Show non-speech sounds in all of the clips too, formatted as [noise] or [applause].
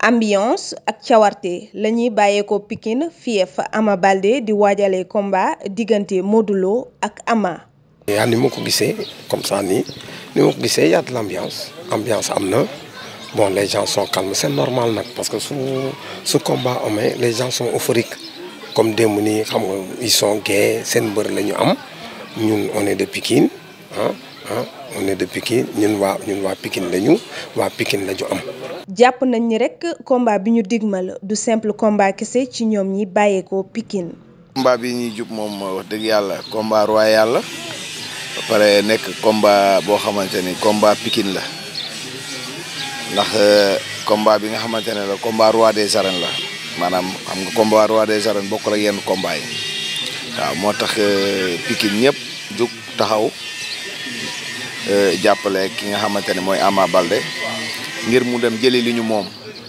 ambiance ak cawarte lañuy bàyyeekoo Pikine fief Ama Baldé di waajale combat diggante modulo ak Ama yaa ah, ni ma ko gisee comme ça nii ni ma ko gisee y l'ambiance ambiance am na bon les gens sont calmes c'est normal nag parce que su su combat amee les gens sont euphoriques comme démb nii xam nga ils sont seen mbër lañu am ñun on de Pikine ah on est de Pikine ñun waa pikin waa Pikine lañu waa Pikine lañu am. jàpp nañ ni rek combat bi ñu digmal du simple combat kese ci ñoom ñi bàyyeekoo Pikine. combat bi ñuy jub moom wax dëgg yàlla combat royal la ba pare nekk combat boo xamante ni combat Pikine la ndax euh, combat bi nga xamante ne la combat roi des arènes la maanaam xam nga combat roi des arènes bokkul ak yenn combat yi waaw moo tax euh, Pikine ñëpp jug taxaw. Euh, jàppale ki nga xamante ne mooy Ama Balde ngir mu dem jëli li ñu moom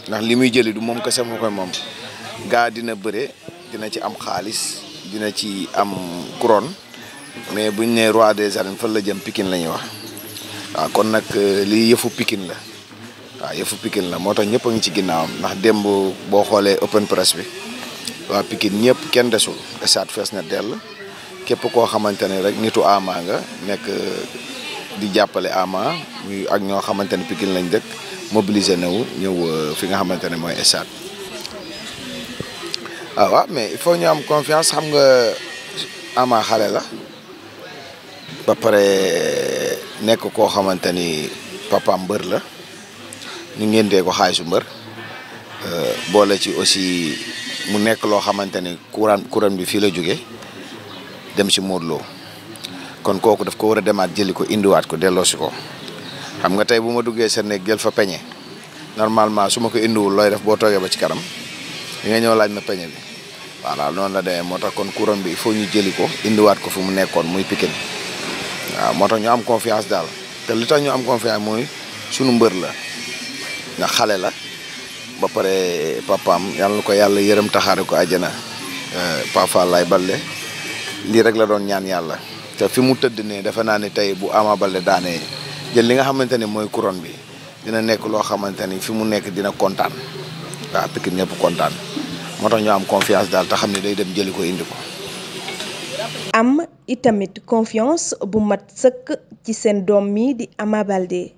ndax li muy jëli du moom kese moo koy moom gaa dina bëre dina ci am xaalis dina ci am couronne mais buñ ne roi des arènes fan la jëm Pikine la ñuy wax waaw kon nag euh, lii yëfu Pikine la waaw yëfu Pikine la moo tax ñëpp a ngi ci ginnaawam ndax démb boo xoolee open press bi waa Pikine ñëpp kenn desul stade fees na dell képp koo xamante ne rek nitu Ama nga nekk di jàppale Ama muy ak ñoo xamante ne Pikine lañ dëkk mobiliser newu ñëw euh, fi nga xamante ne mooy stade ah waaw mais il faut ñu am confiance xam nga Ama xale la ba pare nekk koo xamante ni papa mbër la ñu ngéntee ko xaalisu mbër euh, boole ci aussi mu nekk loo xamante ni courant courant bi fii la jóge dem si Modou kon kooku daf ko war a demaat jëli ko indiwaat ko delloosi ko xam nga tey bu ma duggee sa néeg jël fa peñe normalement su ma ko indiwul looy def boo toogee ba ci kanam li nga ñëw laaj ma peñe bi voilà noonu la demee moo tax kon couronne bi il faut ñu jëli ko indiwaat ko fu mu nekkoon muy pikin waaw moo tax ñu am confiance daal te li tax ñu am confiance mooy sunu mbër la nga xale la ba pare papaam yàlla na ko yàlla yërëm taxaare ko àjjana euh, Paa Fallaye Balde. lii rek la doon ñaan yàlla te fi mu tëdd ne defe naa ne tey bu Ama Baldé daanee jël li nga xamante ne mooy couronne bi dina nekk loo xamante ni fi mu nekk dina kontaan waa Pikine ñëpp kontaan moo tax ñu am confiance daal te xam ne day dem jëli ko indi ko. am itamit confiance bu mat sëkk ci seen doom mi di Ama Baldé.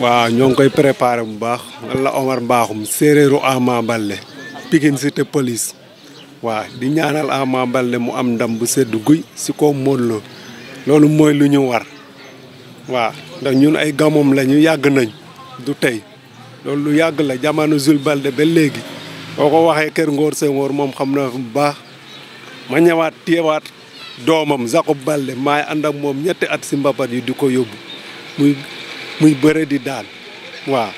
waaw ñoo ngi koy préparé bu baax man Omar Mbaaxum séeréeru Ama Baldé Pikine cité police. waaw di ñaanal Ama Baldé mu am ndam bu sedd guy si ko Modou loolu mooy lu ñu war waaw ndax ñun ay gamoom la ñu yàgg nañ du tey loolu lu yàgg la jamono Jules Baldé ba léegi boo ko waxee kër Ngor Senghor moom xam na bu baax ma ñëwaat téyewaat doomam Jacob Baldé maay ànd ak moom ñetti at si mbapat yi di ko yóbbu muy muy bëre di daan waaw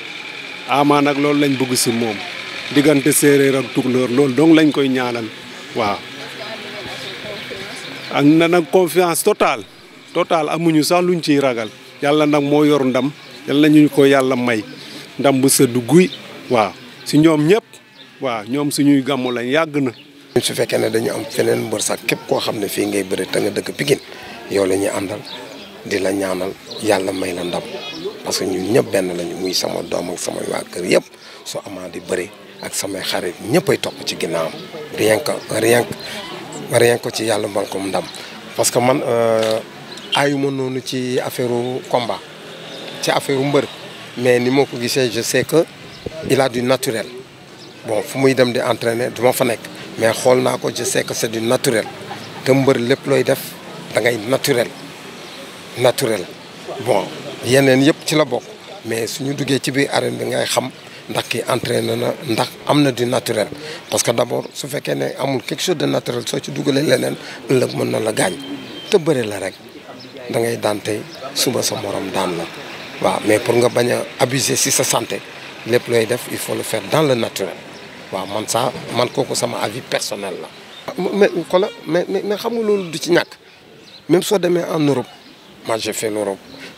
Ama nag loolu lañ bugg si moom diggante séeréer ak tukulóor loolu donc lañ koy ñaanal waaw. am na nag confiance totale totale amuñu sax luñ ciy ragal yàlla nag moo yor ndam yàlla ñu ko yàlla may ndam bu sëdd guy waaw si ñoom ñëpp waaw ñoom suñuy gàmmu lañ yàgg na. su fekkee ne dañu am feneen mbër sax képp koo xam ne fii ngay bëri te nga dëkk Pikine yow la ñuy àndal di la ñaanal yàlla may la ndam parce que ñun benn lañu muy sama doom ak sama waa kër yëpp soo amaa di bëri ak samay xarit ñëppay topp ci ginnaaw rien que rien rien que ci yàlla mën ko ndam parce que man euh, ma noonu ci affaire combat ci affaire mbër mais ni moo ko gisee je sais que il a du naturel bon fu muy dem di entraîner duma fa nekk mais xool naa ko je sais que c'est du naturel te mbër lépp looy def da ngay naturel naturel bon yeneen yëpp ci la bokk mais suñu duggee ci biir arène bi ngay xam ndax kii entraîné na ndax am na di naturel parce que d'abord su fekkee ne amul quelque de naturel soo ci dugalee leneen ëllëg mën na la gaañ te bëri la rek da ngay daan tey suba sa morom daan la waaw mais pour nga bañ a abuser si sa santé lépp looy def il faut le faire dans le naturel waaw man ça man kooku sama avis personnel la. mais xoolal mais mais xam nga loolu du ci ñàkk même soo demee en Europe moi j'ai fait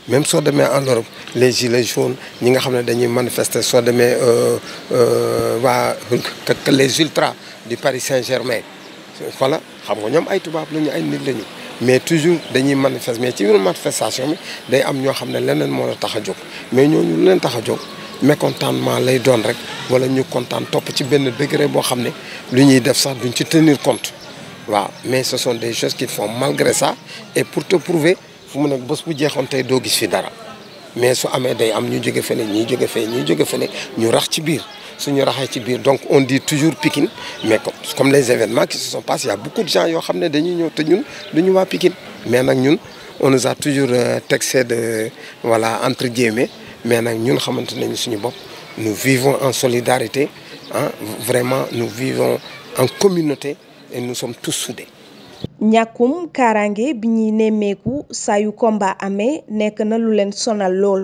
même soo demee en Europe les gilets jaunes ñi nga xam ne dañuy manifester soo demee euh, euh, waa [laughs] les ultras du Paris Saint-Germain voilà xam nga ñoom ay tubaab lañu ay nit lañu mais toujours dañuy manifester mais ci biir manifestation bi day am ñoo xam ne leneen moo la tax a jóg mais ñooñu lu leen tax a jóg mécontentement lay doon rek wala ñu kontaan topp ci benn degré boo xam ne lu ñuy def sax duñ ci tenir compte waaw mais ce sont des choses qu'ils font malgré ça et pour te prouver fu mu nekk bés bu jeexoon tey doo gis fi dara mais su amee day am ñu jóge fële ñuy jóge fële ñuy jóge fële ñu rax ci biir suñu raxee ci biir donc on di toujours pikin mais comme les événements qui se sont passés y a beaucoup de gens yoo xam ne dañuy ñëw te ñun duñu waa Pikine mais nag ñun on nous a toujours euh, taxé de voilà entre guillemets mais nag ñun xamante nañu suñu bopp nous vivons en solidarité ah vraiment nous vivons en communauté et nous sommes tous soudés ñàkkum kaaraange bi ñuy nemmeeku sayu komba amee nekk na lu leen sonal lool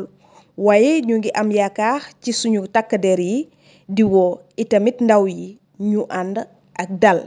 waaye ñu ngi am yaakaar ci suñu takk yi diwoo itamit ndaw yi ñu ànd ak dàll